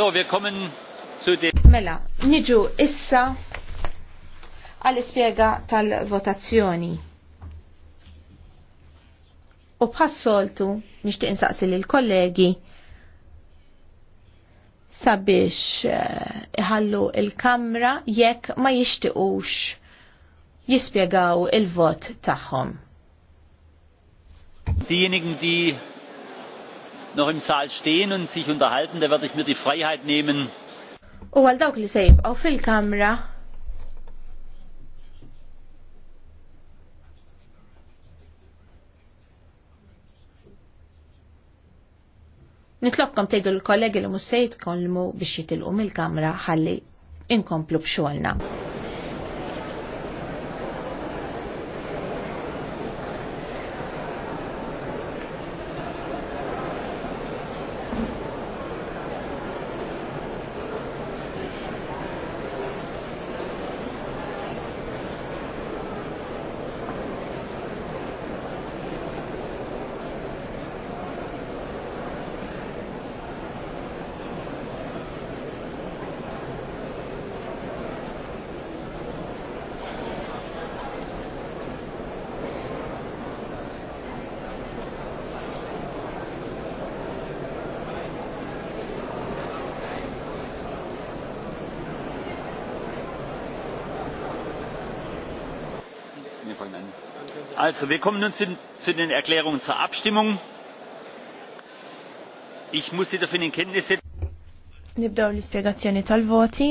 So, wir kommen zu den... Mela, niġu issa għall ispjega tal-votazzjoni. U bħassoltu nixtieq insaqsi lil kollegi sabiex eh, iħallu il-kamra jekk ma jixtiqux jispjegaw il-vot tagħhom. Diejenigen, die noch im Saal stehen und sich unterhalten, da werde ich mir die Freiheit nehmen. U għal dawk li se jibqgħu fil-kamra Nitlokkom tgħidu l-kollegi li mhux se biex jitilqu mill-kamra ħalli inkomplu b'xogħolna. Also, wir kommen nun zu, zu den Erklärungen zur Abstimmung. Ich muss Sie davon in Kenntnis setzen. Nibdaw l-ispiegazzjoni tal-voti.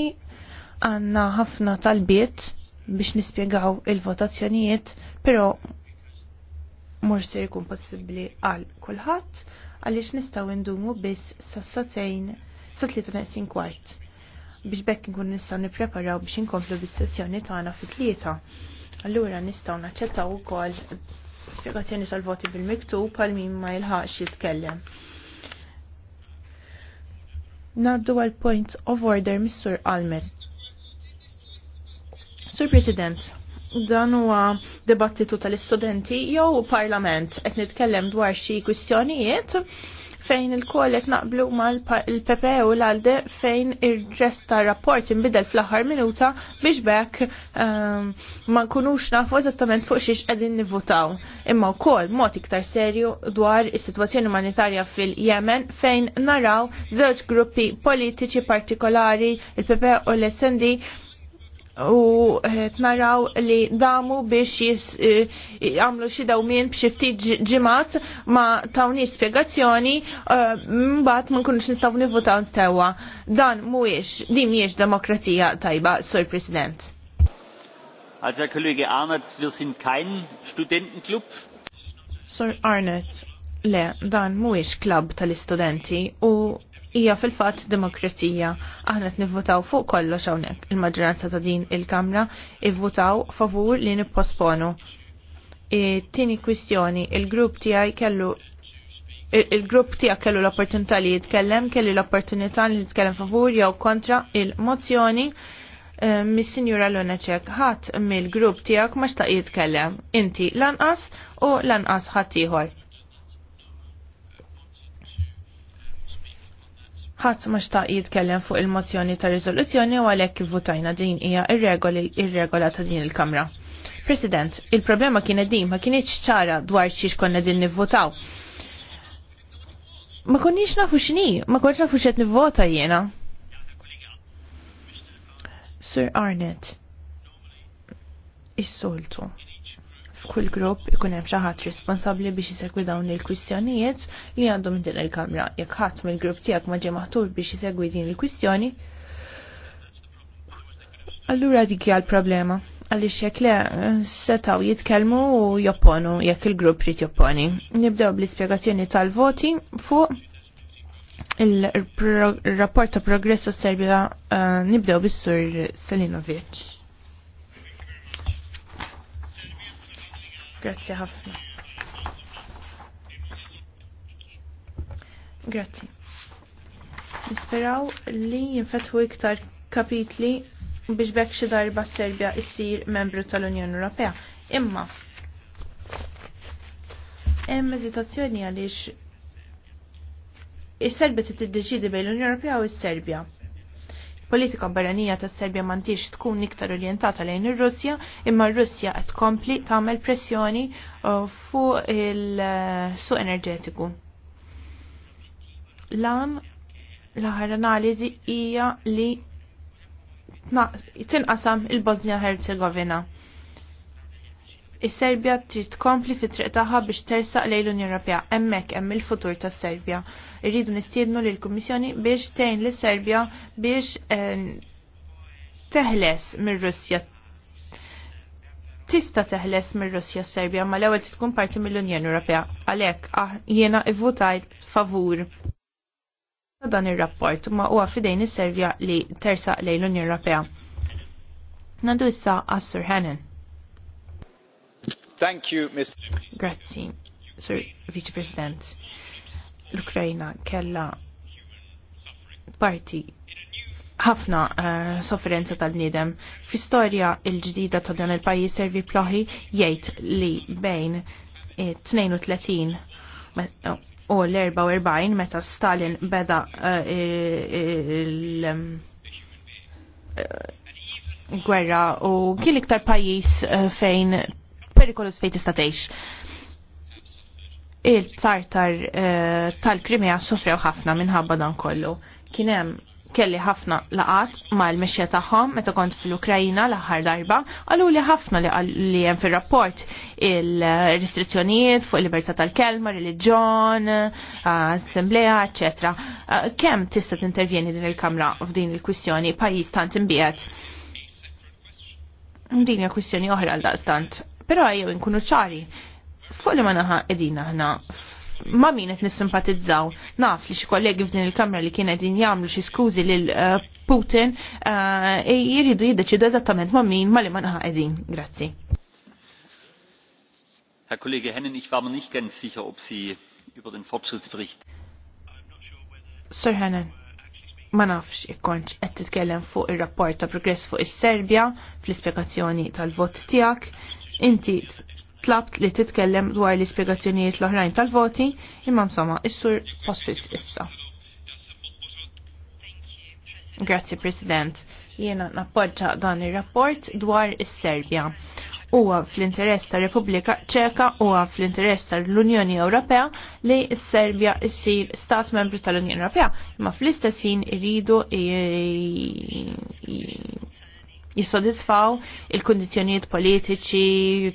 Għanna ħafna tal-biet biex nispiegaw il-votazzjonijiet, pero mhux se jkun possibbli għal kulħadd għaliex nistgħu ndumu biss sas-satejn sa tlieta neqsin kwart biex bekk nkun nistgħu nippreparaw biex inkomplu bis-sessjoni tagħna fit-tlieta. Allura nistgħu naċċettaw ukoll spjegazzjoni tal-voti bil-miktub għal min ma jilħaqx jitkellem. Naddu għal point of order Mr. Almer. Sur President, dan huwa debattitu tal-istudenti jew parlament qed nitkellem dwar xi kwistjonijiet fejn il-kollet naqblu ma l-Pepe u l-Alde fejn ir ġesta rapport imbidel fl-aħħar minuta biex bekk um, ma nkunux nafu eżattament fuq xiex qegħdin nivvotaw. Imma wkoll mod iktar serju dwar is-sitwazzjoni umanitarja fil-Yemen fejn naraw żewġ gruppi politiċi partikolari, il-Pepe u l-SND, u eh, naraw li damu biex jgħamlu eh, xi dawmin biex ftit ġimat ma tawni spiegazzjoni eh, mbagħad ma nkunux nistgħu nivvutaw sewwa. Dan mhuwiex din mhijiex demokrazija tajba, Sur President. Also Herr Kollege Arnett, wir sind kein Studentenclub. Sir Arnett, le, dan mhuwiex klub tal-istudenti u hija fil-fatt demokratija. Aħna qed nivvutaw fuq kollox hawnhekk. Il-maġġoranza ta' din il-Kamra ivvutaw favur li nipposponu. Tieni kwistjoni, il-grupp tiegħi kellu il-grupp tija kellu l-opportunità li jitkellem, kelli l-opportunità li jitkellem favur jew kontra il-mozzjoni eh, mis sinjura Lunacek ħadd mill-grupp tiegħek ma xtaq jitkellem. Inti lanqas u lanqas ħadd ieħor. ħadd ma xtaq jitkellem fuq il-mozzjoni ta' riżoluzzjoni u għalhekk votajna din hija ir-regola ta' din il-Kamra. President, il-problema kienet din ma kienx ċara dwar xiex konna din nivvotaw. Ma konniex nafu x'ni, ma konniex nafu x'qed nivvota jiena. Sir Arnett, is-soltu f'kull grupp ikun hemm xi ħadd responsabbli biex isegwi dawn il-kwistjonijiet li għandhom din il-kamra. Jekk ħadd mill-grupp tiegħek ma ġie maħtur biex isegwi din il-kwistjoni, allura dik hija l-problema għaliex jekk le setaw jitkelmu u jopponu jekk il-grupp rrit jopponi. Nibdew bl-ispiegazzjoni tal-voti fuq il-rapport ta' progress u Serbia uh, nibdew bis-sur Selinovic. Grazzi ħafna. Grazzi. Nisperaw li jinfetħu iktar kapitli biex bekk xi darba Serbja issir membru tal-Unjoni Ewropea. Imma hemm eżitazzjoni għaliex is-Serbja trid tiddeċidi bejn l-Unjoni Ewropea u s-Serbja. Politika barranija ta' Serbia mantix tkun iktar orientata lejn ir-Russja, imma r-Russja qed tkompli tagħmel pressjoni uh, fuq il-suq enerġetiku. Lan l-aħħar analiżi hija li tinqasam il-Bosnia Herzegovina Is-Serbja trid tkompli fi triq tagħha biex tersaq lejn l-Unjoni Ewropea. Hemmhekk hemm il-futur tas-Serbja. Irridu nistiednu lill kummissjoni biex tgħin lis-Serbja biex eh, teħles mir-Russja tista' teħles mir-Russja s-Serbja ma l-ewwel tkun parti mill-Unjoni Ewropea. Għalhekk jiena ivvutaj favur dan ir-rapport ma huwa fidejn is serbja li tersaq lejn l-Unjoni Ewropea. Nandu issa għas-Sur Hanen. Thank you, Mr. Grazzi, Sir Vice President. L-Ukrajna kella parti ħafna uh, sofferenza tal-nidem. Fl-istorja il-ġdida ta' dan il-pajis servi ploħi jgħid li bejn 32 eh, u l-44 meta Stalin beda eh, il-gwerra u kien iktar pajis fejn perikolos fejn tista' il-tartar eh, tal-Krimea sofrew ħafna minħabba dan kollu. Kienem kelli ħafna laqat ma l-mexja tagħhom meta kont fl-Ukrajina l-aħħar darba, għalu li ħafna li hemm fir-rapport il-restrizzjonijiet fuq il-libertà tal-kelma, reliġjon, eh, assembleja, eċetera. Kem eh, Kemm tista' tintervjeni din il-Kamra f'din il-kwistjoni pajjiż tant imbiet? Din hija kwistjoni oħra għal daqstant però jew inkunu ċari. Fuq li ma naħa edina ħna ma min qed nissimpatizzaw. Naf li xi kollegi f'din il-kamra li kien qegħdin jagħmlu xi skużi lil eh, Putin eh, jiridu jiddeċidu eżattament ma min ma li ma naħa qegħdin. Grazzi. Herr Kollege Hennen, ich war mir nicht ganz sicher, ob Sie über den Fortschrittsbericht. Sir Hennen, ma nafx ikkonċ qed titkellem fuq ir-rapport ta' progress fuq is-Serbja fl-ispjegazzjoni tal-vot tiegħek Inti tlabt li titkellem dwar l-ispiegazzjonijiet l-oħrajn tal-voti imma msoma is-sur pospis issa. Grazzi President. Jiena nappoġġa dan ir-rapport dwar is-Serbja huwa fl-interess ta' Repubblika Ċeka huwa fl-interess tal-Unjoni Ewropea li s-Serbja issir stat membru tal-Unjoni Ewropea, imma fl-istess ħin iridu jissodisfaw il-kondizjonijiet politiċi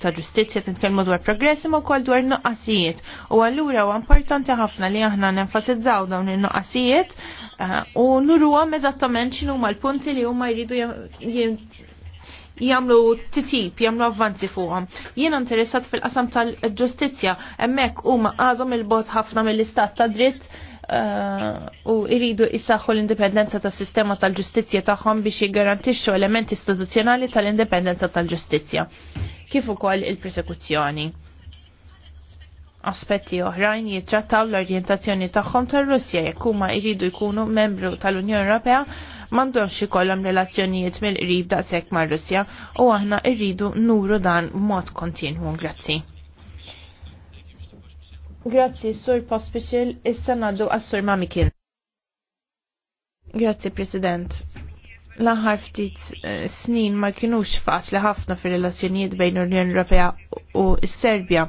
ta' ġustizzja titkellmu dwar progressi, ma' wkoll dwar nuqqasijiet. U allura huwa importanti ħafna li aħna n-enfasizzaw dawn il nuqqasijiet eh, u għam eżattament xinu ma' l-punti li huma jridu jagħmlu titip, jagħmlu avvanzi fuqhom. Jiena interessat fil-qasam tal-ġustizzja, hemmhekk huma għazom il-bot ħafna mill-istat ta' dritt Eh, u iridu jissaħħu l-indipendenza tas sistema tal-ġustizzja tagħhom biex jiggarantixxu elementi istituzzjonali tal-indipendenza tal-ġustizzja kif ukoll il-persekuzzjoni. Aspetti oħrajn jittrattaw l-orjentazzjoni tagħhom tar-Russja jekk huma jridu jkunu membru tal-Unjoni Ewropea m'għandhomx ikollhom relazzjonijiet mill-qrib daqshekk mar-Russja u aħna rridu nuru dan b'mod kontinwu. Grazzi. Grazzi, Sur Pospisil, issa naddu għas-Sur Mamikin. Grazzi, President. L-aħħar ftit eh, snin ma kienux faċli ħafna fir-relazzjonijiet bejn l-Unjoni Ewropea u s-Serbja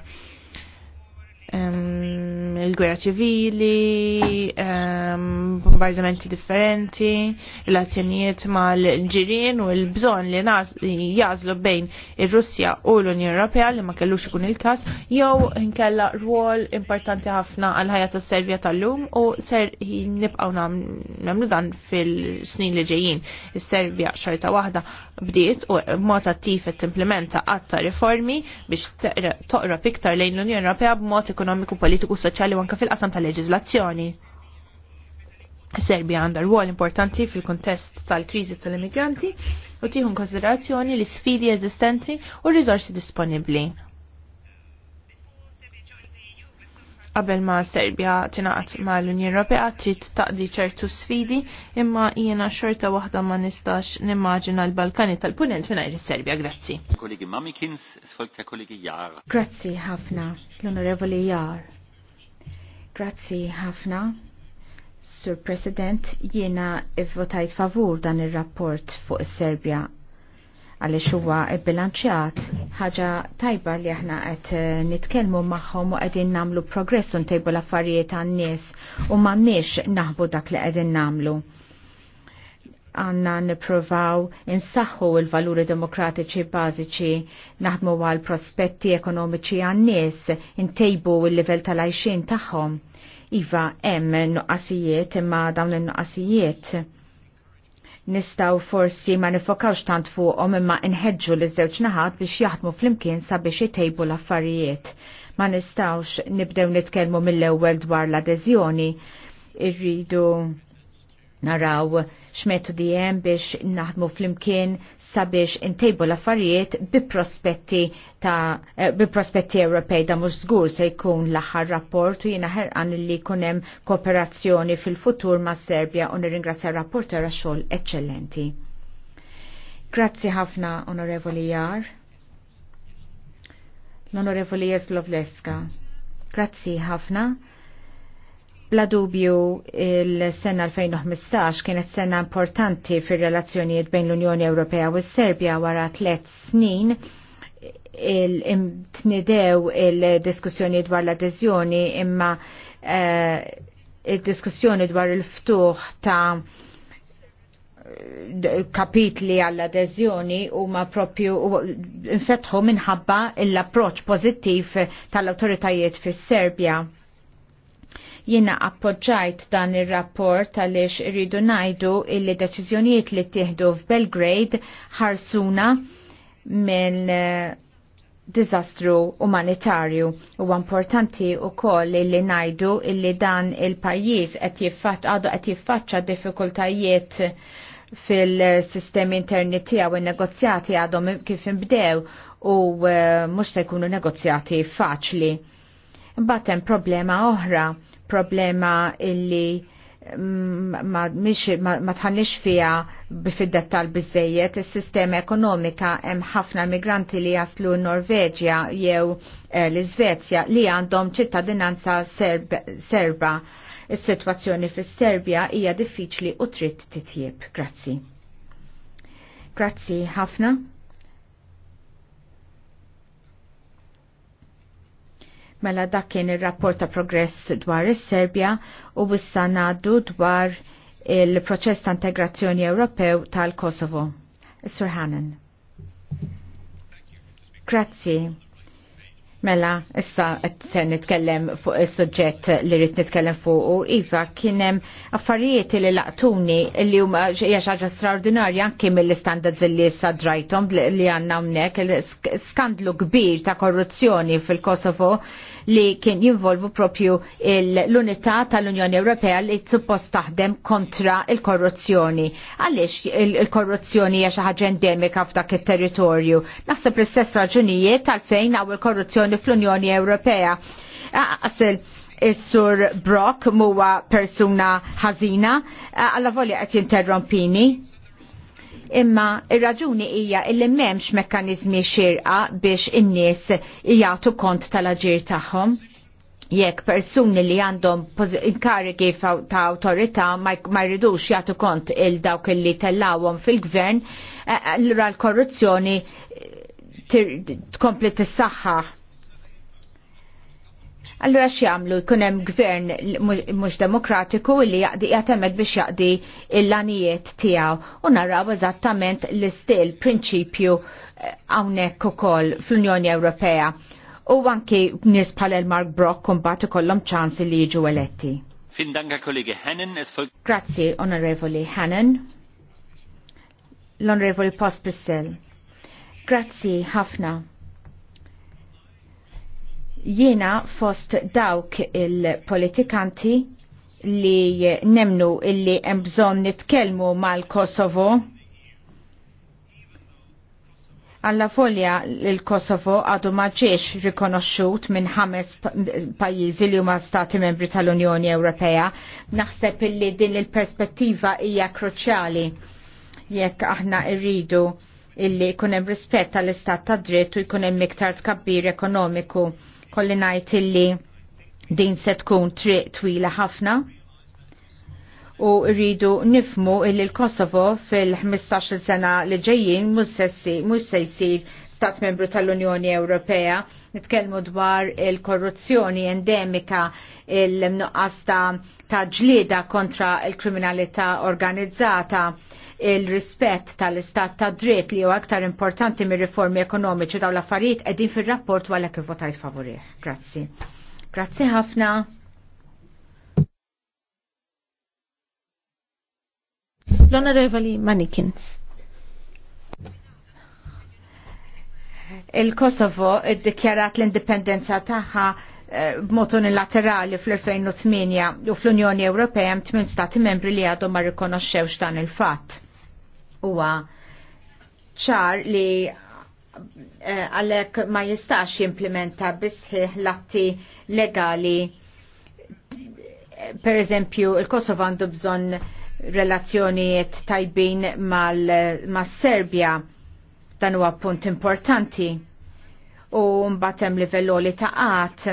il-gwerra ċivili, ehm, bombardamenti differenti, relazzjonijiet mal-ġirien u l-bżon li jazlu bejn ir-Russja u l-Unjoni Ewropea li ma kellux ikun il-każ, jew nkella rwol importanti ħafna għal ħajja tas-Servja tal-lum u ser nibqaw nagħmlu dan fil-snin li ġejjin. Is-Serbja xorta waħda bdiet u mod attiv qed timplementa għatta riformi biex toqra iktar lejn l-Unjoni Ewropea b'mod ekonomiku, politiku, soċjali u anka fil-qasam tal-leġizlazzjoni. Serbia għandha rwol importanti fil-kontest tal-kriżi tal-immigranti u tieħu konsiderazzjoni l sfidi eżistenti u r-riżorsi disponibbli. Qabel ma Serbia tingħaqad ma l-Unjoni Ewropea trid taqdi ċertu sfidi imma jiena xorta waħda ma nistax nimmaġina l-Balkani tal-Punent mingħajr is-Serbja. Grazzi. Grazzi ħafna, l-Onorevoli Jar. Grazzi ħafna. Sur President, jiena votajt favur dan il-rapport fuq is-Serbja għaliex huwa bilanċjat ħaġa tajba li aħna qed eh, nitkellmu magħhom u qegħdin nagħmlu progress u ntejbu l-affarijiet għan-nies u m'għandniex naħbu dak li qegħdin nagħmlu għanna niprovaw insaħħu il-valuri demokratiċi bażiċi, naħdmu għal prospetti ekonomiċi għan-nies, intejbu il-livell tal-għajxin tagħhom. Iva, hemm nuqqasijiet imma dawn il-nuqqasijiet. Nistaw forsi ma nifokawx tant fuqhom imma nħedġu l żewġ naħat biex jaħdmu flimkien sabiex jtejbu l-affarijiet. Ma nistawx nibdew nitkellmu mill-ewwel dwar l-adeżjoni. Irridu naraw x'metodi hemm biex naħdmu flimkien sabiex intejbu l-affarijiet bi prospetti ta' eh, bi prospetti Ewropej da mhux żgur se jkun l-aħħar rapport u jiena ħerqan li jkun hemm kooperazzjoni fil-futur ma' Serbja u nirringrazzja r-rapporter għax-xogħol eċċellenti. Grazzi ħafna, Onorevoli Jar l-Onorevoli Jeslovleska. Grazzi ħafna Bla dubju il-sena 2015 kienet sena importanti fir relazzjonijiet bejn l-Unjoni Ewropea u s-Serbja wara tliet snin il-imtnidew il-diskussjoni dwar l-adezjoni imma uh, il-diskussjoni dwar il-ftuħ ta' kapitli għall-adezjoni u ma propju infetħu minħabba l-approċ pozittiv tal-autoritajiet fis-Serbja Jiena appoġġajt dan ir-rapport għaliex irridu ngħidu illi deċiżjonijiet li tieħdu f'Belgrade ħarsuna minn eh, dizastru umanitarju u importanti u koll li najdu illi dan il-pajjiż qed jiffaċċa għadu qed jiffaċċa diffikultajiet fil-sistemi interni tiegħu u negozjati għadhom kif imbdew u eh, mhux se jkunu negozjati faċli. Batem problema oħra problema illi mm, ma, ma tħannix fija bifiddet tal bizzejiet, il-sistema ekonomika hemm ħafna migranti li jaslu Norveġja jew eh, l-Svezja li għandhom ċittadinanza serb, serba. Is-sitwazzjoni fis-Serbja hija diffiċli u trid titjib. Grazzi. Grazzi ħafna. Mela dak kien ir-rapport ta' progress dwar is-Serbja u wissa ngħaddu dwar il-proċess ta' integrazzjoni Ewropew tal-Kosovo. Sur Hannan. Grazzi. Mela, issa se nitkellem fuq il-sujġett li rrit nitkellem fuq u Iva kienem affarijiet li laqtuni li huma ħaġa straordinarja anki mill-standards li issa drajtom li għanna hawnhekk skandlu kbir ta' korruzzjoni fil-Kosovo li kien jinvolvu propju l-unità tal-Unjoni Ewropea li suppost taħdem kontra il-korruzzjoni. Għaliex il-korruzzjoni hija xi ħaġa endemika f'dak it-territorju. Naħseb l-istess raġunijiet għalfejn hawn il-korruzzjoni ġenerali fl-Unjoni Ewropea. Asil, Is-sur Brock muwa persuna ħażina, għalla volja qed jinterrompini. Imma ir-raġuni hija illi m'hemmx mekkaniżmi xirqa biex in-nies jagħtu kont tal-aġir tagħhom jekk persuni li għandhom inkarigi ta' awtorità ma jridux jagħtu kont il dawk li tellawhom fil-gvern, allura eh, eh, l-korruzzjoni eh, tkompli t-saħħa Allura jagħmlu jkun hemm gvern mhux demokratiku li jaqdi jagħtemed biex jaqdi l-lanijiet tiegħu u naraw eżattament l-istil prinċipju eh, hawnhekk ukoll fl-Unjoni Ewropea u anki nies bħal Mark Brock kumbat ikollhom ċansi li jiġu eletti. Fin danka kollegi Hannon. Grazzi, Onorevoli Hannon. L-Onorevoli Post Bissell. Grazzi, ħafna. Jiena fost dawk il-politikanti li nemnu illi hemm bżonn nitkellmu mal-Kosovo għalla folja il-Kosovo għadu maġiex rikonoxxut minn ħames pajjiżi li huma stati membri tal-Unjoni Ewropea. Naħseb illi din il-perspettiva hija kruċjali jekk aħna rridu illi jkun hemm rispett istat ta' dritt u jkun hemm iktar tkabbir ekonomiku kolli najt illi din se tkun triq twila ħafna u rridu nifmu illi l-Kosovo fil-15 sena li ġejjin mhux se jsir stat membru tal-Unjoni Ewropea, nitkellmu dwar il-korruzzjoni endemika il-mnuqqas ta' ġlieda kontra il-kriminalità organizzata il-rispett tal-istat ta' dritt li huwa aktar importanti mir riformi ekonomiċi daw l-affarijiet qegħdin fir-rapport wara kif votajt favorih. Grazzi. Grazzi ħafna. L-Onorevoli Manikins. Il-Kosovo id-dikjarat l-indipendenza tagħha eh, b'mod unilaterali fl-2008 u fl-Unjoni Ewropea hemm tmien stati membri li għadhom ma rikonoxxewx dan il-fatt huwa ċar li eh, għalek ma jistax jimplementa bisħiħ l-atti legali. Per eżempju, il-Kosovo għandu bżon relazzjonijiet tajbin mal-Serbja. Dan huwa punt importanti. U mbatem livelloli ta' għat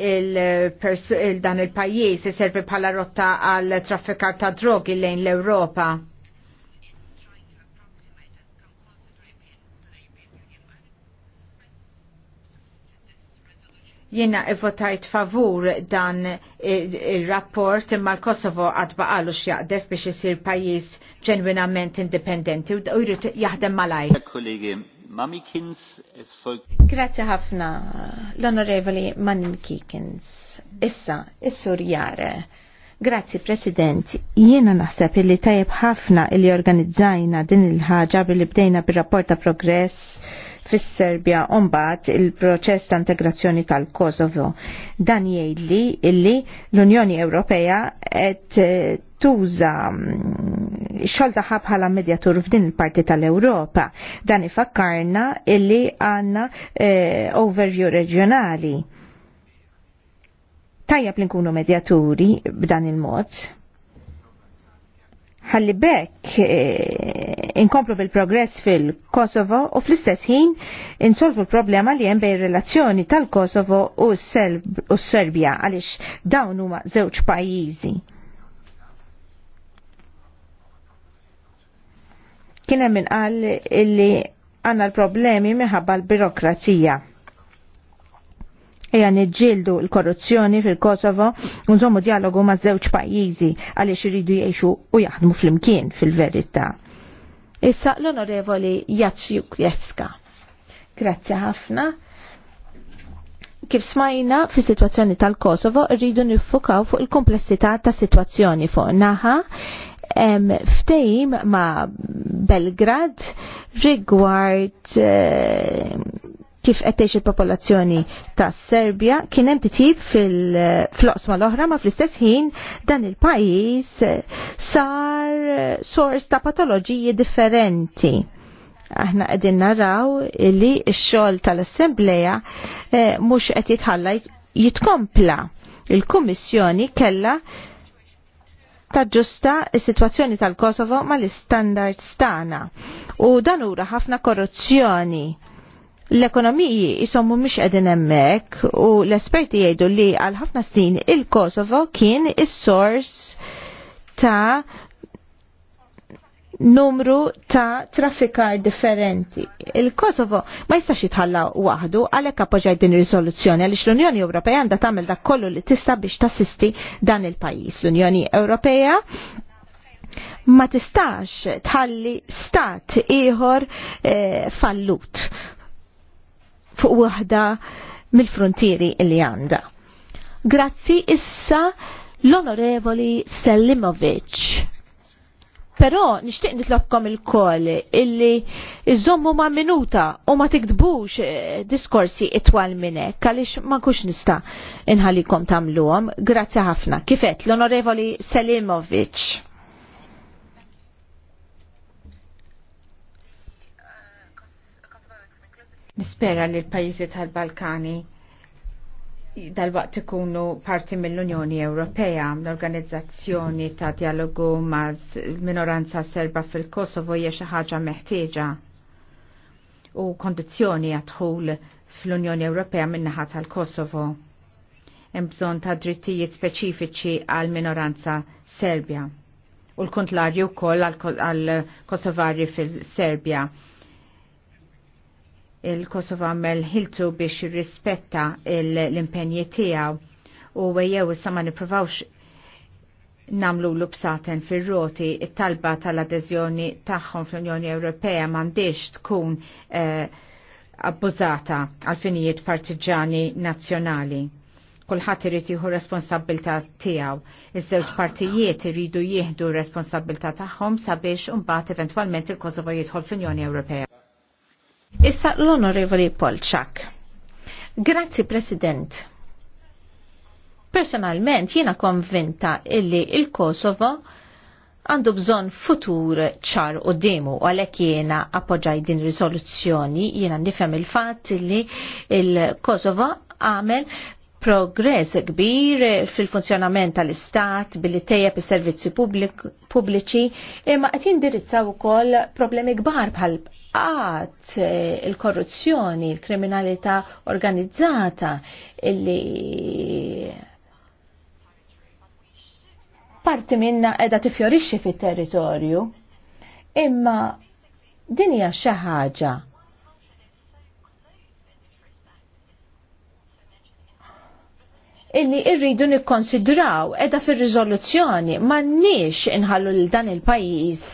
il il dan il-pajjiż servi bħala rotta għal traffikar ta' drogi lejn l-Ewropa Jiena votajt favur dan il-rapport imma l-Kosovo għad baqalu x'jaqdef biex isir pajjiż ġenwinament indipendenti u jrid jahdem malaj. Grazie ħafna l-Onorevoli Mamikins. Issa, is-Sur Jare. Grazzi President, jiena naħseb li tajjeb ħafna li organizzajna din il-ħaġa billi bdejna bir-rapport ta' progress fis-Serbja u mbagħad il-proċess ta' integrazzjoni tal-Kosovo. Dan jgħidli illi l-Unjoni Ewropea qed eh, tuża mm, xogħol tagħha bħala medjatur f'din il-parti tal-Ewropa. Dan ifakkarna illi għandna eh, overview reġjonali tajjeb li nkunu medjaturi b'dan il-mod. Ħalli bekk eh, inkomplu bil-progress fil-Kosovo u fl-istess ħin insolvu l-problema li hemm bejn relazzjoni tal-Kosovo u s-Serbja għaliex dawn huma żewġ pajjiżi. Kien hemm inqal illi għandna l-problemi minħabba l-birokrazija Eja nġildu l-korruzzjoni fil-Kosovo unżommu dialogu ma' żewġ pajjiżi għaliex iridu jgħixu u jaħdmu fl-imkien fil-verità. Issa l-onorevoli Jatsjuk Jetska. Grazzi ħafna kif smajna fi situazzjoni tal-Kosovo rridu nifukaw fuq il-komplessità ta' situazzjoni fuq naħa ftejim ma' Belgrad rigward eh, kif qed tgħix il-popolazzjoni tas Serbja kien hemm titjib fil-floqsma l-oħra ma fl-istess ħin dan il-pajjiż sar sors ta' patoloġiji differenti. Aħna qegħdin naraw li x-xogħol tal-assembleja eh, mhux qed jitħalla jitkompla. Il-Kummissjoni kellha taġġusta s sitwazzjoni tal-Kosovo mal-istandards tagħna u dan ura ħafna korruzzjoni l-ekonomiji jisommu mux edin emmek u l-esperti jgħidu li għal ħafna snin il-Kosovo kien is-sors ta' numru ta' traffikar differenti. Il-Kosovo ma jistax jitħalla waħdu għalhekk appoġġaj din riżoluzzjoni għaliex l-Unjoni Ewropea għandha tagħmel dak kollu li tista' biex tassisti dan il-pajjiż. L-Unjoni Ewropea ma tistax tħalli stat ieħor eh, fallut fuq waħda mill-frontieri li għanda. Grazzi issa l-onorevoli Selimovic. Pero nixtieq nitlobkom il-koll illi iżommu ma' minuta u ma tiktbux eh, diskorsi itwal minne, għaliex ma kux nista' inħalikom tagħmluhom. Grazzi ħafna. Kifet l-Onorevoli Selimovic. Nispera li l-pajjiżi tal-Balkani dal-waqt ikunu parti mill-Unjoni Ewropea, l-organizzazzjoni ta' dialogu ma' minoranza serba fil-Kosovo hija xi ħaġa meħtieġa u kondizzjoni għadħul fl-Unjoni Ewropea min-naħa tal-Kosovo. Hemm bżonn ta' drittijiet speċifiċi għal minoranza Serbja u l-kontlarju wkoll għal Kosovari fil-Serbja il-Kosovo għamel ħiltu biex jirrispetta l-impenji tijaw u għajew issa ma niprovawx namlu l bsaten fil-roti it-talba tal-adezjoni tagħhom fl-Unjoni Ewropea m'għandix tkun eh, abbużata għal finijiet partiġani nazzjonali. Kulħadd irid jieħu responsabilità tiegħu. Iż-żewġ partijiet iridu jieħdu responsabilità tagħhom sabiex imbagħad eventwalment il-Kosovo jidħol fl-Unjoni Ewropea. Issa l-Onorevoli Polczak. Grazzi, President. Personalment jiena konvinta illi il-Kosovo għandu bżon futur ċar u demu u għalek jiena appoġġaj din rizoluzzjoni jiena nifhem il-fatt li il-Kosovo għamel progress kbir fil-funzjonament tal-istat billi tejjeb is-servizzi pubbliċi imma qed jindirizzaw ukoll problemi kbar bħal qatt eh, il-korruzzjoni, il-kriminalità organizzata illi parti minna qiegħda tifjorixxi fit-territorju. Imma din hija xi ħaġa illi irridu nikkonsidraw edha fil-rizoluzzjoni ma nix inħallu l dan il-pajis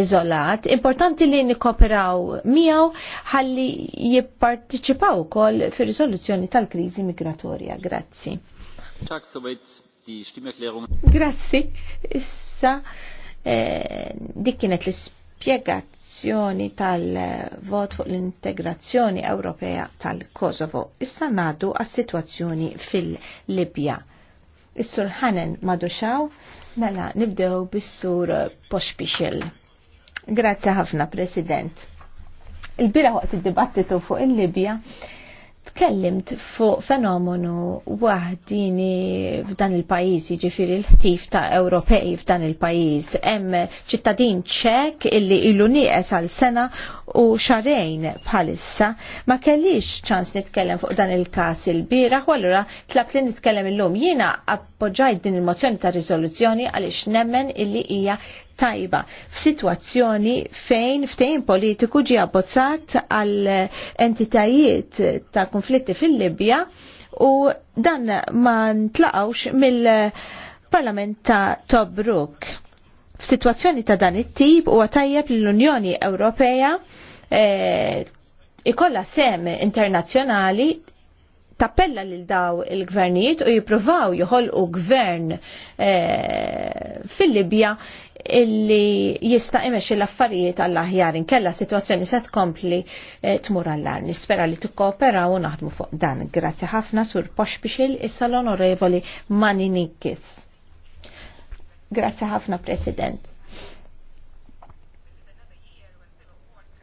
izolat, importanti li nikoperaw miegħu ħalli jipparticipaw ukoll fir rizoluzzjoni tal-kriżi migratorja. Grazzi. Grazzi. Issa eh, dik kienet l-ispjega spiegazzjoni tal-vot fuq l-integrazzjoni Ewropea tal-Kosovo. Issa nadu għas situazzjoni fil-Libja. Is-sur Hanen maduxaw, mela nibdew bis-sur Poshpixil. Grazzi ħafna, President. Il-bira waqt id-dibattitu fuq il-Libja, il libja tkellimt fuq fenomenu wahdini f'dan il-pajis, ġifiri l-ħtif ta' Ewropej f'dan il-pajis. Hemm ċittadin ċek illi ilu nieqes għal sena u xarejn bħalissa. Ma kellix ċans nitkellem fuq dan il-każ il bira u allura tlab li nitkellem illum. Jiena appoġġajt din il-mozzjoni ta' riżoluzzjoni għaliex nemmen illi hija tajba f'sitwazzjoni fejn ftehim politiku ġie abbozzat għal entitajiet ta' konflitt konflitti fil-Libja u dan ma ntlaqawx mill-Parlament ta' Tobruk. F'sitwazzjoni ta' dan it-tip huwa tajjeb l-Unjoni Ewropea e, ikolla sem internazzjonali tappella lil daw il-gvernijiet u jipruvaw joħolqu gvern e, fil-Libja illi jista' imex l-affarijiet għall-aħjar inkella situazzjoni se tkompli eh, tmur għall-ar. Nispera li tikkoopera u naħdmu fuq dan. Grazzi ħafna sur Poxbixil issa l-onorevoli Maninikis. Grazzi ħafna President.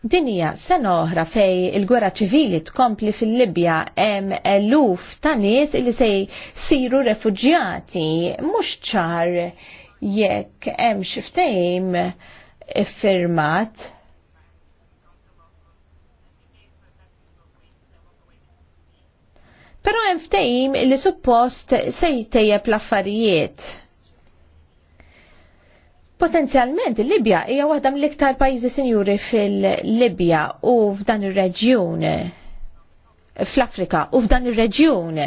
Dinija sena oħra fej il-gwerra ċivili tkompli fil-Libja hemm eluf ta' nies li se siru refuġjati mhux ċar jekk hemm xi ftehim iffirmat Però hemm ftehim li suppost se jtejjeb l-affarijiet. Potenzjalment il-Libja hija waħda mill-iktar pajjiżi sinjuri fil-Libja u f'dan ir-reġjun fl-Afrika u f'dan ir-reġjun.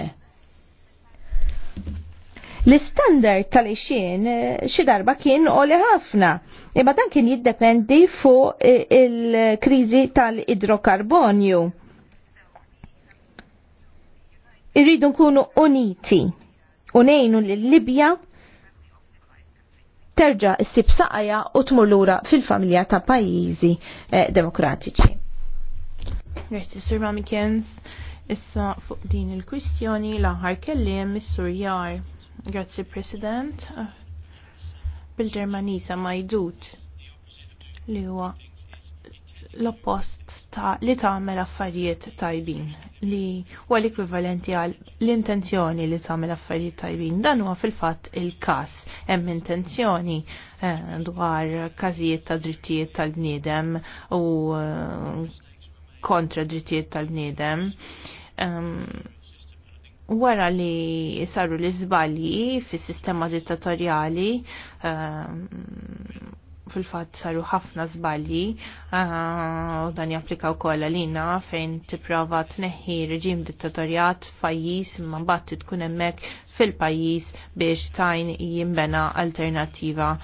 L-standard tal-ixin eh, xi darba kien oli ħafna, imma dan kien jiddependi fuq eh, il-kriżi tal-idrokarbonju. Irridu nkunu uniti, unejnu l-Libja terġa' issib saqajja u tmur lura fil-familja ta' pajjiżi eh, demokratiċi. Grazie, Sir Mamikens. Issa fuq din il-kwistjoni l-aħħar kelliem mis sur Jar. Grazzi President. bil ma majdut li huwa l-oppost ta' li tagħmel affarijiet tajbin li huwa l-ekwivalenti għal l-intenzjoni li tagħmel affarijiet tajbin. Dan huwa fil-fatt il-każ hemm intenzjoni eh, dwar każijiet ta' drittijiet tal-bniedem u eh, kontra drittijiet tal-bniedem. Ehm, wara li saru l-izbalji fis sistema dittatorjali ehm, fil-fat saru ħafna zbalji ehm, u dan japplika wkoll lina fejn tipprova tneħħi reġim dittatorjat f'pajjiż imma mbagħad tkun hemmhekk fil-pajjiż biex tajn jimbena alternattiva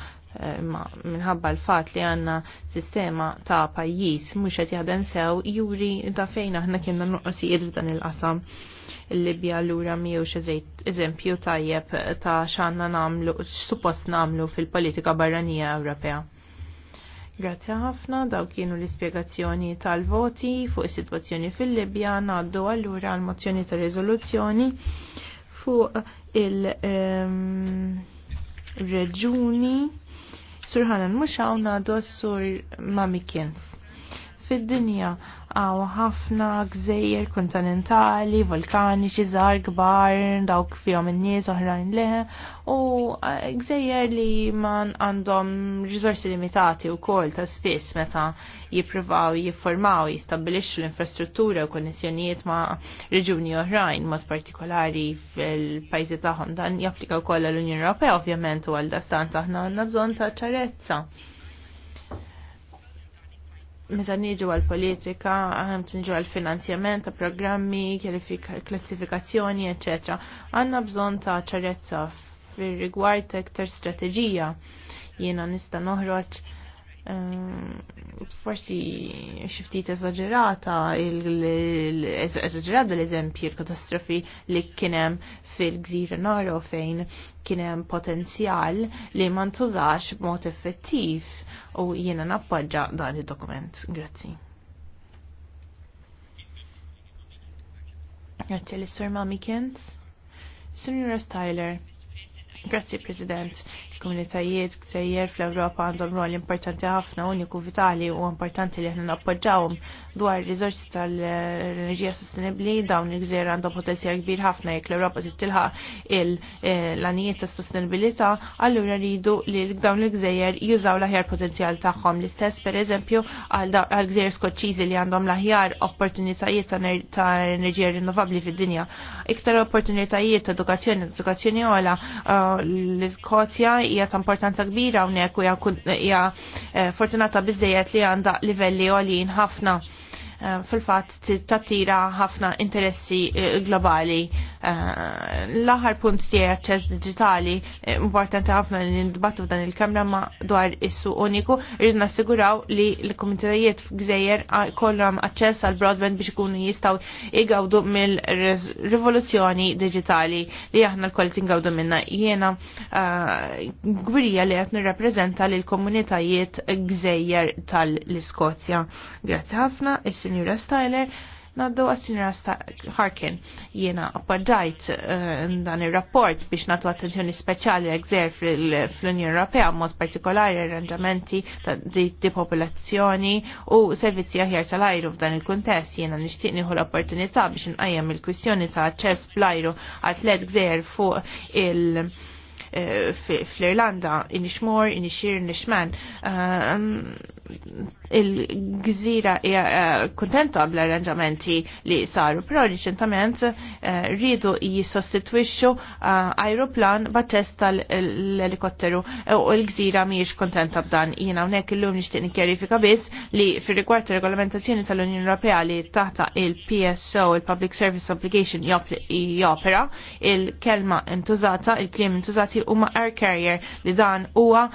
imma minħabba l-fat li għanna sistema ta' pajjiż mhux qed jaħdem sew juri ta' fejn aħna kienna nuqqosijiet f'dan il-qasam. Il-Libja allura miegħux eżempju tajjeb ta' x'għandna nagħmlu suppost nagħmlu fil-politika barranija Ewropea. Grazzi ħafna, daw kienu l-ispjegazzjoni tal-voti fuq is-sitwazzjoni fil-Libja ngħaddu allura għall mozzjoni ta' riżoluzzjoni fuq il-reġuni ehm, Sur Hanan mhux hawn għadu sur Mamikins. Fid-dinja għaw ħafna gżejjer kontinentali, vulkaniċi, żgħar kbar, dawk fihom in-nies oħrajn leħ, u e, gżejjer li man għandhom riżorsi limitati wkoll ta' spiss meta jippruvaw jiffurmaw jistabbilixxu l-infrastruttura u konnessjonijiet ma' reġuni oħrajn mod partikolari fil-pajjiżi tagħhom dan japplika wkoll għall-Unjoni Ewropea ovvjament u għal dastant aħna għandna bżonn ta' ċarezza meta niġu għal-politika, għan niġu għal-finanzjament ta' programmi, klassifikazzjoni, ecc. Għanna bżon ta' ċarezza fir rigward ta' iktar strategija. Jiena nista' noħroġ Ehm, forsi xiftit eżagġerata eżagġerata l eżempju l-katastrofi li kienem fil-gżira Naro fejn kienem potenzjal li ma ntużax b'mod effettiv u jiena nappoġġa dan id-dokument. Grazzi. Grazzi l-Sur Mami Kent. Senior Styler. Grazzi President komunitajiet ktejjer fl-Ewropa għandhom rol importanti ħafna uniku vitali u importanti li ħna nappoġġawhom dwar riżorsi tal-enerġija sostenibbli dawn il-gżejjer għandhom potenzjal kbir ħafna jekk l-Ewropa trid tilħaq eh, l-anijiet ta' sostenibilità, allura rridu li dawn il-gżejjer jużaw l-aħjar potenzjal tagħhom l-istess pereżempju għal gżejjer skoċċiżi li għandhom l-aħjar opportunitajiet ta' enerġija rinnovabbli fid-dinja. Iktar opportunitajiet ta' edukazzjoni, edukazzjoni għola eh, l-Iskozja hija ta' importanza kbira hawnhekk u hija eh, fortunata biżejjed li għandha livelli għolin ħafna eh, fil-fatt tattira ħafna interessi eh, globali Eh, L-aħar punt tiegħi aċċess digitali eh, importanti ħafna li nintbattu dan il-kamra ma dwar issu uniku irrid nassiguraw li l-komunitajiet f'Gżejjer kollhom aċċess għal broadband biex ikunu jistgħu jgawdu mill-rivoluzzjoni digitali li aħna l-koll tingawdu minna. Jiena eh, gwirija li qed nirrappreżenta lil komunitajiet Gżejjer tal-Iskozja. Grazzi ħafna, is-Sinjura Styler Naddu għas-sinjora Harkin, jiena appoġġajt eh, dan ir-rapport biex natu attenzjoni speċjali għegżer fl-Unjoni Ewropea mod partikolari arranġamenti ta' popolazzjoni u servizzi aħjar tal-ajru f'dan il-kuntest jiena nixtieq nieħu l-opportunità biex nqajjem il-kwistjoni ta' ċess bl-ajru għatlet gżer fuq il- Eh, fl-Irlanda, inixmor, inixir, inixman. Eh, mm, il-gżira hija eh, kontenta bl-arranġamenti li saru, però riċentament rridu jissostitwixxu aeroplan bat tal-elikotteru u l-gżira mhijiex kontenta b'dan. Jiena hawnhekk illum nixtieq nikkjarifika biss li fir-rigward regolamentazzjoni tal-Unjoni Ewropea li taħta il-PSO, il-Public Service Obligation jopera, il-kelma intużata, il-kliem intużati huma air carrier li dan huwa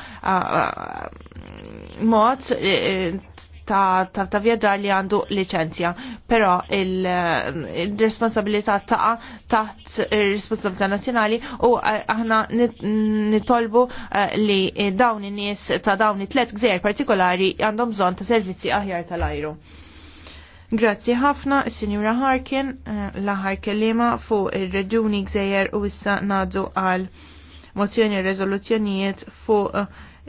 mod e, e, ta', ta, ta vjaġġar li għandu licenzja. Però e, il-responsabilità il ta' taħt responsabilità nazjonali u aħna nitolbu uh, li dawn in-nies ta' dawn it-tlet gżejjer partikolari għandhom bżonn ta' servizzi aħjar tal-ajru. Grazzi ħafna, Sinjura Harkin, l-aħar kelima fuq ir reġuni gżejjer u issa nadu għal mozzjoni rezoluzzjonijiet fuq eh,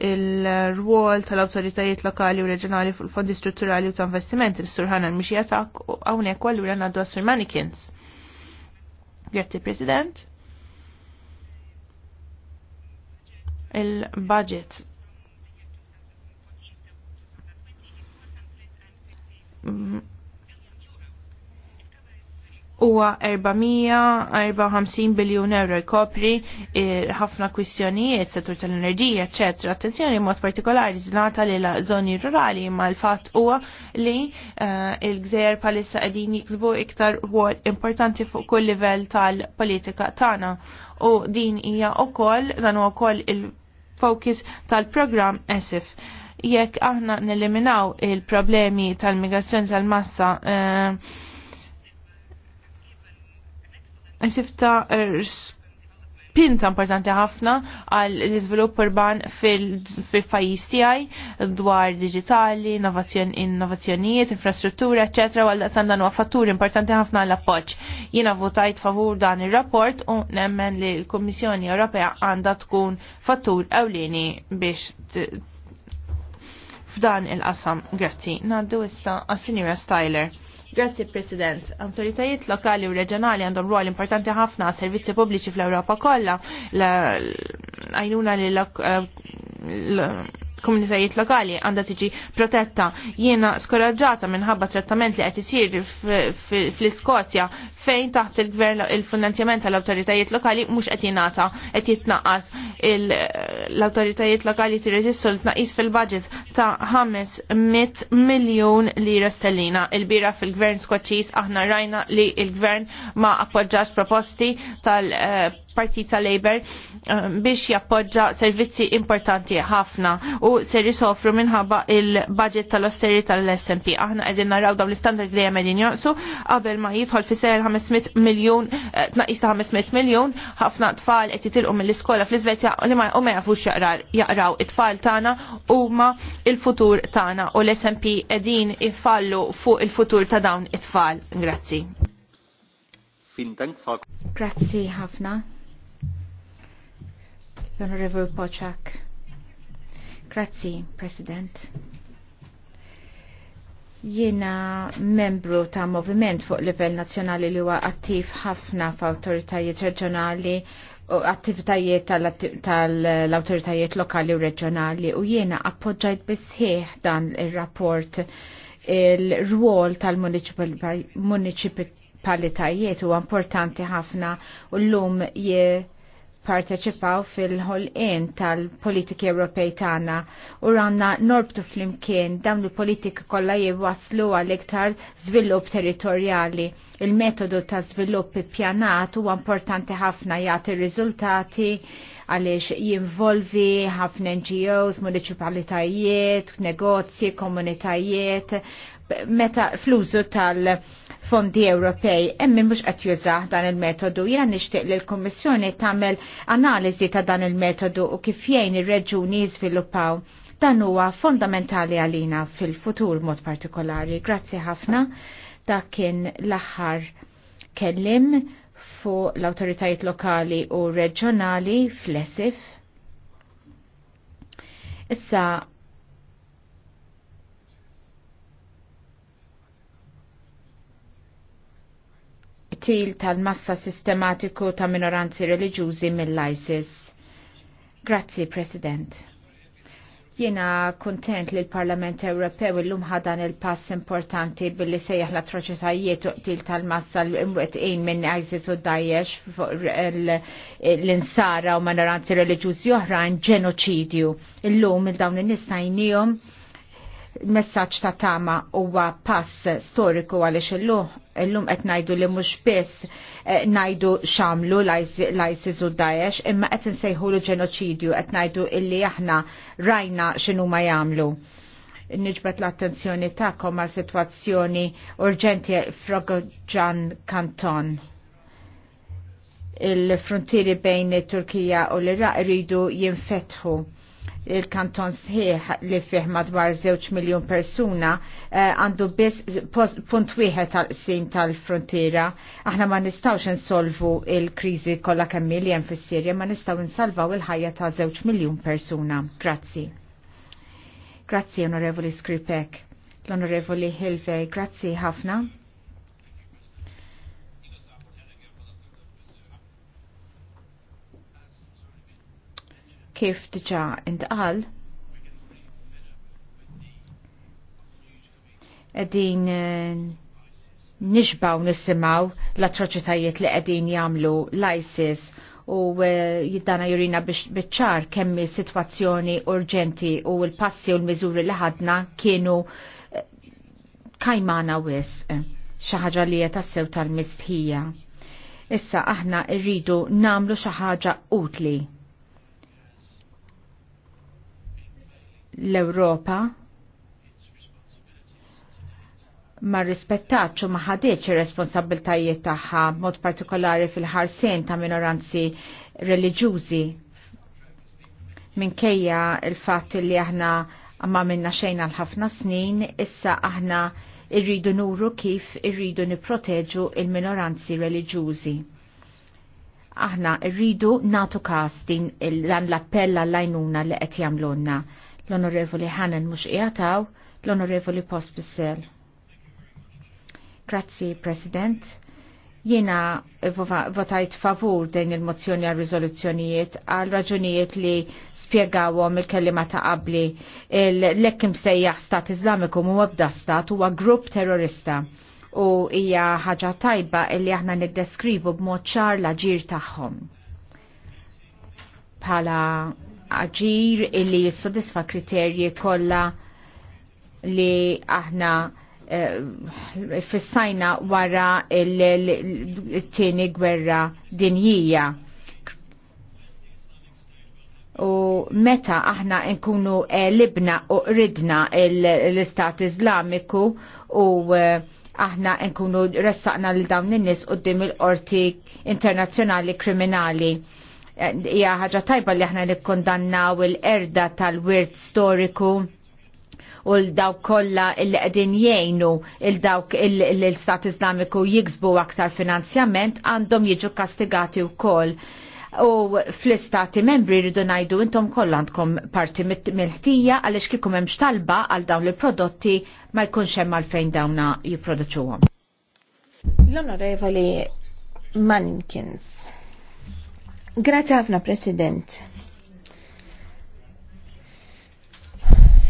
il-rwol tal-autoritajiet lokali u reġjonali fuq il-fondi strutturali u ta' investimenti l-surħana l-mixija ta' għawnek għan għaddu għasur manikins. Grazie, President. Il-budget mm -hmm huwa 454 biljun euro jkopri eh, ħafna kwistjonijiet settur tal-enerġija, ecc. Attenzjoni mod partikolari ġnata li la żoni rurali ma l-fatt huwa li eh, il-gżejjer palissa qegħdin jiksbu iktar wol importanti fuq kull livell tal-politika tagħna. U din hija wkoll dan huwa wkoll il-fokus tal-programm ESIF jekk aħna neliminaw il-problemi tal-migrazzjoni tal-massa uh, nsibta pinta importanti ħafna għal l-izvilupp urban fil-pajis tijaj dwar digitali, innovazzjonijiet, infrastruttura, eċetera, għal daqsan dan huwa fattur importanti ħafna għall appoġġ. Jiena votajt favur dan ir-rapport u nemmen li l-Kummissjoni Ewropea għandha tkun fattur ewlieni biex f'dan il-qasam. Grazzi. Naddu issa għas-Sinjura Styler. Grazie, President. Autoritajiet lokali u reġjonali għandhom rwol importanti ħafna servizzi pubbliċi fl-Ewropa kollha. Għajnuna li eh, komunitajiet lokali għandha tiġi protetta. Jiena skoraġġata minħabba trattament li qed isir fl-Iskozja fejn taħt il-gvern il-finanzjament tal-awtoritajiet lokali mhux qed jingħata qed jitnaqqas l-awtoritajiet lokali tirreġistru l tnaqis fil-budget ta' 500 miljun lira stellina. Il-bira fil-gvern skoċċiż aħna rajna li il-gvern ma appoġġax proposti tal- eh, Partita Labour um, biex jappoġġa servizzi importanti ħafna u ser jisofru minħabba il-budget tal-austerita l-SMP. Aħna qegħdin naraw dawn l-istandard li qegħdin jonsu qabel ma jidħol fi ser 500 miljun eh, tnaqista 500 miljun ħafna tfal qed jitilqu mill-iskola fl-Iżvezja li ma ma jafux jaqraw it-tfal tagħna huma il-futur tagħna u l-SMP qegħdin ifallu fuq il-futur ta' dawn it-tfal. Grazzi. Grazzi ħafna. Honorable Pochak. Grazzi, President. Jiena membru ta' moviment fuq livell nazzjonali li huwa attiv ħafna f'awtoritajiet reġjonali u attivitajiet tal-awtoritajiet tal lokali u reġjonali u jiena appoġġajt bisħieħ dan ir-rapport il il-rwol tal-municipalitajiet huwa importanti ħafna u llum je parteċipaw fil-ħolqien tal-politiki Ewropej tagħna u ranna norbtu flimkien dawn il-politiki kollha jiwaslu għal iktar żvilupp territorjali. Il-metodu ta' żvilupp ippjanat huwa importanti ħafna jagħti riżultati għaliex jinvolvi ħafna NGOs, municipalitajiet, negozji, komunitajiet, meta fl-użu tal-fondi Ewropej emmi mhux qed jużah dan il-metodu. Jiena nixtieq li l-Kummissjoni tagħmel analiżi ta' dan il-metodu u kif jgħin ir-reġuni jiżviluppaw. Dan huwa fondamentali għalina fil-futur mod partikolari. Grazzi ħafna. Dak kien l-aħħar kellim fuq l-autoritajiet lokali u reġjonali fl-esif. Issa il-qtil tal-massa sistematiku ta' minoranzi reliġjużi mill-ISIS. Grazzi, President. Jena kontent li l-Parlament Ewropew illum ħadan il-pass importanti billi sejjaħ l-atroċitajiet u qtil tal-massa l-imwetqin minn ISIS u Daesh l-insara u minoranzi reliġjużi oħrajn ġenoċidju. Illum il-dawn in-nisa messaċ ta' tama huwa pass storiku għaliex illum qed ngħidu li mhux biss eh, ngħidu xamlu l-ISIS u Daesh imma qed insejħulu ġenoċidju qed ngħidu illi aħna rajna x'inhu ma jagħmlu. Nġbet l-attenzjoni tagħkom għal sitwazzjoni urġenti Frogġan Kanton il-frontieri bejn it Turkija u l-Iraq rridu jinfetħu il-kanton sħiħ li fih madwar 2 miljon persuna eh, għandu biss punt wieħed tal-qsim tal-frontiera. Aħna ma nistawx insolvu il-kriżi kollha kemm li hemm fis-Sirja, ma nistgħu insalvaw il-ħajja ta' żewġ miljun persuna. Grazzi. Grazzi, Onorevoli Skripek. L-Onorevoli Hilvej, grazzi ħafna. kif diġa intqal din eh, nixbaw nisimaw l-atroċitajiet li qegħdin jagħmlu l-ISIS u eh, jiddana jurina bieċar kemmi situazzjoni urġenti u l-passi u l-miżuri li ħadna kienu eh, kajmana wis xaħġa li jatassew tal-mistħija. Issa aħna irridu namlu xaħġa utli l-Europa ma rispettaċu u ma ħadieċ ir-responsabiltajiet tagħha mod partikolari fil-ħarsien ta' minoranzi reliġjużi minkejja il-fatt li aħna ma minna xejn għal ħafna snin, issa aħna irridu nuru kif irridu niproteġu il-minoranzi reliġjużi. Aħna irridu natu kas din dan l appella l għajnuna li qed jagħmlunna l-Onorevoli Hannan mux jgħataw, l-Onorevoli Pospissel. Grazzi, President. Jena votajt favur din il-mozzjoni għal rizoluzzjonijiet għal raġunijiet li spiegawom il-kellima ta' qabli l-lekkim sejjaħ stat islamiku mu għabda stat huwa grupp terrorista u hija ħaġa tajba li aħna niddeskrivu b'mod ċar l-ġir tagħhom. Pala aġir illi jissodisfa kriterji kollha li aħna eh, fissajna wara il-tieni gwerra dinjija u meta aħna nkunu eh, libna u ridna l-Istat Islamiku u eh, aħna nkunu ressaqna l dawn in-nies dim il-qorti internazzjonali kriminali hija ħaġa tajba li aħna nikkondannaw il-erda tal-wirt storiku u l-daw kolla il-qedin jgħinu il-dawk il-Stat Islamiku jiksbu aktar finanzjament għandhom jiġu kastigati u koll. U fl-istati membri rridu najdu intom għandkom parti mill-ħtija għalix kikum hemmx talba għal dawn il-prodotti ma jkunx hemm għalfejn dawna jipproduċuhom. L-Onorevoli Mankins. Grazie ħafna, President.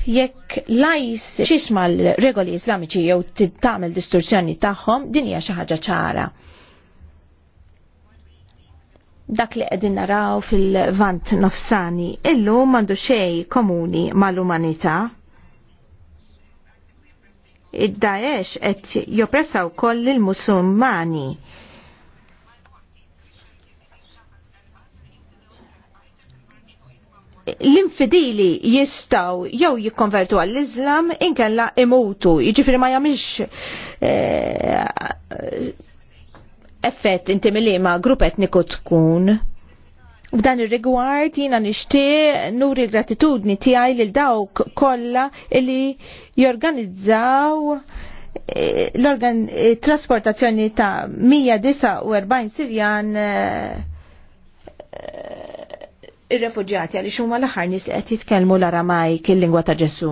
Jekk lajs xisma l-regoli islamiċi jew tagħmel distorsjoni tagħhom, din hija xi ħaġa ċara. Dak li qegħdin naraw fil-vant nofsani illum m'għandu xejn komuni mal-umanità. Id-Daesh qed jopressa wkoll il-Musulmani l-infidili jistaw jew jikkonvertu għall-Islam inkella imutu, jiġifieri ma jagħmilx eh, effett inti mill grupp etniku tkun. F'dan ir-rigward jiena nixtieq nuri l-gratitudni tiegħi lil dawk kollha li jorganizzaw eh, l-organ eh, trasportazzjoni ta' 149 Sirjan ir-refuġjati għaliex huma l-aħħar nies li qed jitkellmu l-Aramajk il-lingwa ta' Ġesu.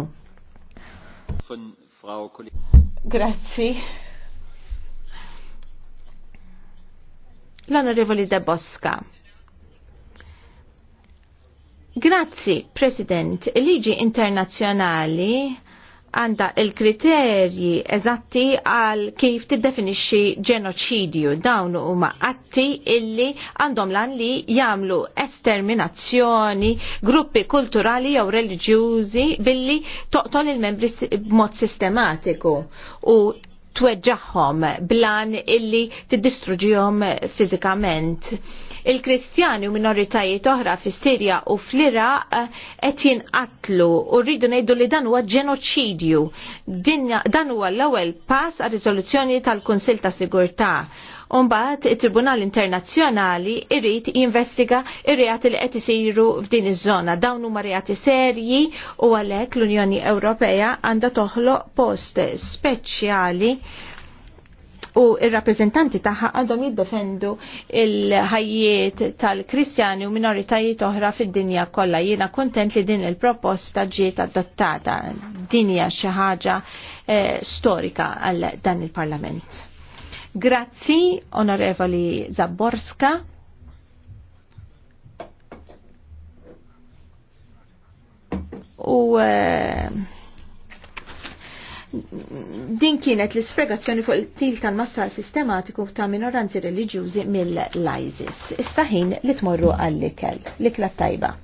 Grazzi. L-Onorevoli De Bosca. Grazzi, President. Liġi internazzjonali għanda il-kriterji eżatti għal kif tiddefinixxi ġenoċidju dawn huma atti illi għandhom lan li jagħmlu esterminazzjoni gruppi kulturali jew reliġjużi billi toqtol il-membri b'mod sistematiku u tweġġaħħom blan illi tiddistruġihom fiżikament il-Kristjani u minoritajiet oħra fi Sirja u fl-Iraq eh, qed jinqatlu u rridu ngħidu li dan huwa ġenoċidju. Dan huwa l-ewwel pass għar riżoluzzjoni tal-Kunsill ta' Sigurtà. mbagħad it-Tribunal Internazzjonali irrid jinvestiga ir-reati li qed isiru f'din iż-żona. Dawn huma reati serji u għalhekk l-Unjoni Ewropea għandha toħloq post speċjali u il rappreżentanti tagħha għadhom jiddefendu il-ħajjiet tal-Kristjani u minoritajiet oħra fid-dinja kollha. Jiena kuntent li din il-proposta ġiet adottata. Din hija xi ħaġa eh, storika għal dan il-Parlament. Grazzi, onorevoli Zaborska. U eh, din kienet l-isfregazzjoni fuq il-til tal-massa sistematiku ta' minoranzi reliġjużi mill-ISIS. Issa ħin li tmorru għall-ikel, l-ikla tajba.